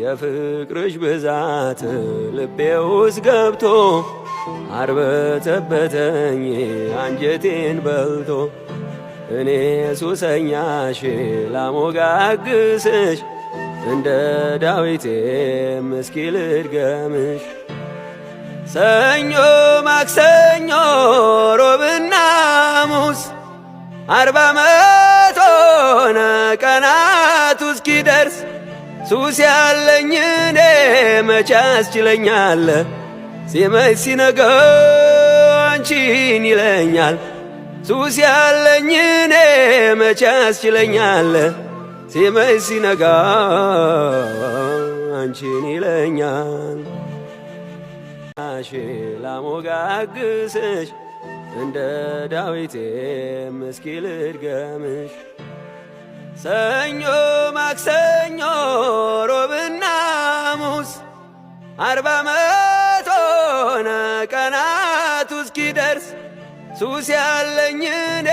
የፍቅርሽ ብዛት ልቤ ውስጥ ገብቶ አርበተበተኝ አንጀቴን በልቶ እኔ ሱሰኛሽ ላሞጋግስሽ እንደ ዳዊቴ ምስኪ ልድገምሽ ሰኞ፣ ማክሰኞ፣ ሮብና ሐሙስ አርባ መቶነ ቀናቱ እስኪደርስ ሱስ ያለኝ እኔ መቼ ያስችለኛል? ሲመሽ ሲነጋ አንቺን ይለኛል። ሱስ ያለኝ እኔ መቼ ያስችለኛል? ሲመይ ሲነጋ አንቺን ይለኛል። ሽ ላሞጋግስሽ እንደ ዳዊቴ ምስኪ ልድገምሽ ሰኞ ማክሰ አርባ መቶ ሆነ ቀናቱ እስኪደርስ ሱስ ያለኝ እኔ